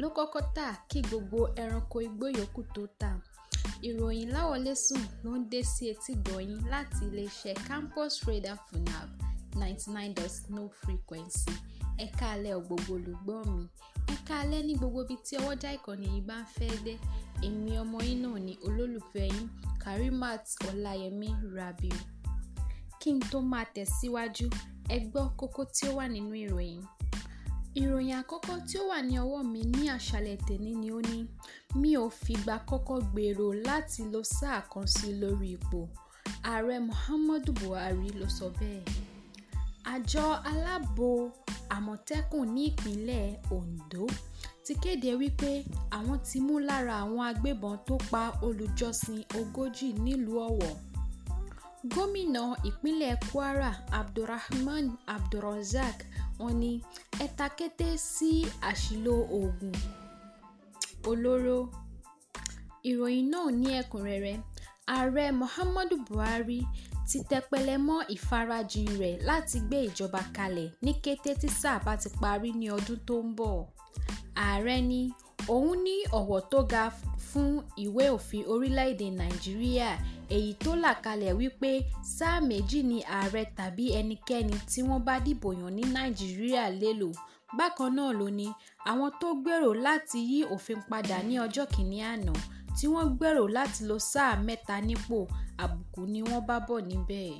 ló kọ́kọ́ tà kí gbogbo ẹranko igbó yòókù tó tà ìròyìn láwọlésùn ló ń dé sí etígbọ̀yìn láti iléeṣẹ́ campus radar funab ninety no frequency ẹ káalẹ́ ò gbogbo olùgbọ́ mi ẹ káalẹ́ ní gbogbo ibi tí ọwọ́jà ìkànnì yìí bá ń fẹ́ dé èmi ọmọ yín náà ni olólùfẹ́ yín karimat ọláyẹmí rabiu kí n tó máa tẹ̀síwájú ẹ gbọ́ kókó tí ó wà nínú ìròyìn Ìròyìn àkọ́kọ́ tí ó wà ní ọwọ́ mi ní àṣálẹ́ tèní ni ó ní mi ò fìgbà kọ́kọ́ gbèrò láti lo sáà kan sí lórí ipò ààrẹ Muhammadu Buhari ló sọ bẹ́ẹ̀. Àjọ aláàbò Àmọ̀tẹ́kùn ní ìpínlẹ̀ Ondo ti kéde wípé àwọn ti mú lára àwọn agbébọn tó pa olùjọ́sìn ogójì nílùú Ọ̀wọ̀. Gómìnà ìpínlẹ̀ Kwara Abdulrahman Abdulrozak wọ́n ní ẹ ta kété sí àṣìlò oògùn olóró ìròyìn náà ní ẹ̀kúnrẹ́rẹ́ ààrẹ muhammadu buhari ti tẹpẹlẹ mọ́ ìfarajìn rẹ̀ láti gbé ìjọba kalẹ̀ ní kété tí sáà bá ti parí ní ọdún tó ń bọ̀ ààrẹ ní òun ní ọ̀wọ̀ tó ga fún ìwé òfin orílẹ̀-èdè nàìjíríà èyí tó là kalẹ̀ wípé sáà méjì ni ààrẹ tàbí ẹnikẹ́ni tí wọ́n bá dìbò yàn ní nàìjíríà lè lò bákan náà ló ní àwọn tó gbèrò láti yí òfin padà ní ọjọ́ kìíní àná tí wọ́n gbèrò láti lo sáà mẹ́ta nípò àbùkù ni wọ́n bá bọ̀ níbẹ̀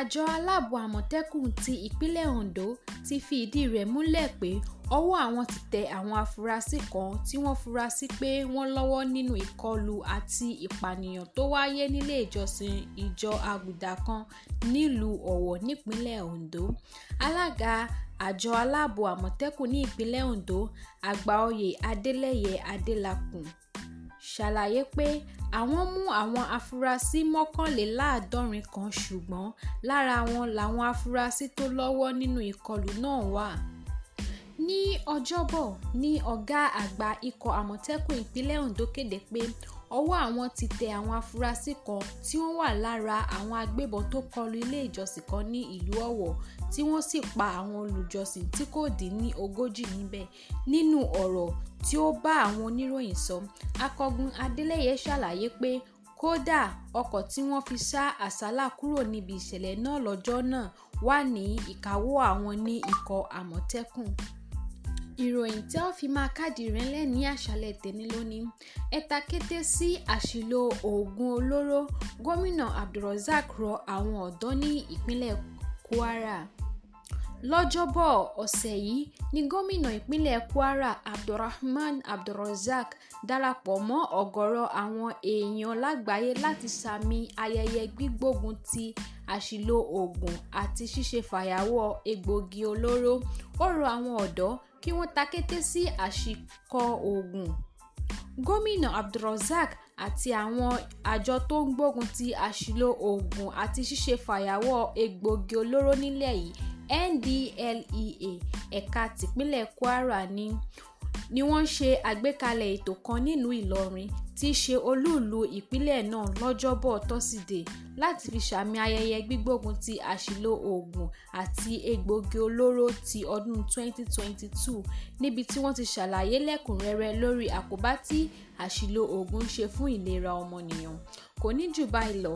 àjọ aláàbò àmọ̀tẹ́kùn ti ìpínlẹ̀ Ondo ti fi ìdí rẹ̀ múlẹ̀ pé ọwọ́ àwọn ti tẹ àwọn afurasí kan tí wọ́n fura sí pé wọ́n lọ́wọ́ nínú ìkọlù àti ìpànìyàn tó wáyé nílé ìjọsìn ìjọ àgùdà kan nílùú Ọ̀wọ̀ nípínlẹ̀ Ondo alága àjọ aláàbò àmọ̀tẹ́kùn ní ìpínlẹ̀ Ondo àgbàoyè Adélẹ́yẹ Adélakùn ṣàlàyé pé àwọn mú àwọn afurasí mọ́kànléláàádọ́rin kan ṣùgbọ́n lára wọn làwọn afurasí tó lọ́wọ́ nínú ìkọlù náà wà. ní ọjọ́bọ̀ ní ọ̀gá àgbà ikọ̀ àmọ̀tẹ́kùn ìpínlẹ̀ Ondo kéde pé ọwọ́ àwọn ti tẹ àwọn afurasí kan tí wọ́n wà lára àwọn agbébọn tó kọlu ilé ìjọsìn kan ní ìlú ọ̀wọ̀ tí wọ́n sì pa àwọn olùjọsìn tí kò dín ní ogójì níbẹ̀ nínú ọ̀rọ̀ tí ó bá àwọn oníròyìn sọ akọgun adeleye ṣàlàyé pé kódà ọkọ̀ tí wọ́n fi sá àsálà kúrò níbi ìṣẹ̀lẹ̀ náà lọ́jọ́ náà wà ní ìkáwọ́ àwọn ní ikọ̀ àmọ̀tẹ́kùn ìròyìn tí wọ́n fi máa káàdì rẹ̀ ńlẹ̀ ní àṣálẹ́ tèmi lónìí ẹ̀ta kété sí àṣìlò oògùn olóró gómìnà Abdulrozak rọ àwọn ọ̀dọ́ ní ìpínlẹ̀ Kwara lọ́jọ́bọ̀ ọ̀sẹ̀ yìí ni gómìnà ìpínlẹ̀ Kwara Abdulrahman Abdulrozak darapọ̀ mọ́ ọ̀gọ̀rọ̀ àwọn èèyàn lágbàáyé láti sàmì ayẹyẹ gbígbógun ti àṣìlò oògùn àti ṣíṣe fàyàwọ́ egbòogi olóró ó rọ àwọn ọ̀dọ́ kí wọ́n takété sí àṣìkọ oògùn gómìnà abdulrozak àti àwọn àjọ tó ń gbógun ti àṣìlò oògùn àti ṣíṣe fàyàwọ́ egbòogi olóró nílẹ̀ yìí NDLEA ẹ̀ka tìpínlẹ̀ Kwara ni ni wọ́n ṣe àgbékalẹ̀ ètò kan nílùú Ìlọrin tí í ṣe olúùlú ìpínlẹ̀ náà lọ́jọ́bọ̀ tọ́sídẹ̀ẹ́ láti fi ṣàmì ayẹyẹ gbígbógun ti àṣìlò oògùn àti egbòogi olóró ti ọdún 2022 níbi tí wọ́n ti ṣàlàyé lẹ́kùnrẹ́rẹ́ lórí àkóbá tí àṣìlò oògùn ń ṣe fún ìlera ọmọnìyàn kò ní jù báyìí lọ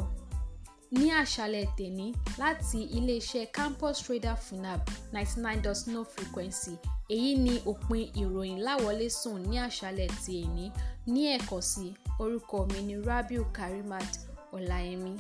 ní àṣálẹ́ tèmi láti iléeṣẹ́ campus trader funab ninety nine dot no frequency èyí ni òpin ìròyìn láwọlé sùn ní àṣálẹ́ ti èní ní ẹ̀kọ́ sí orúkọ mi ni rabiu karimat ọláyẹmí.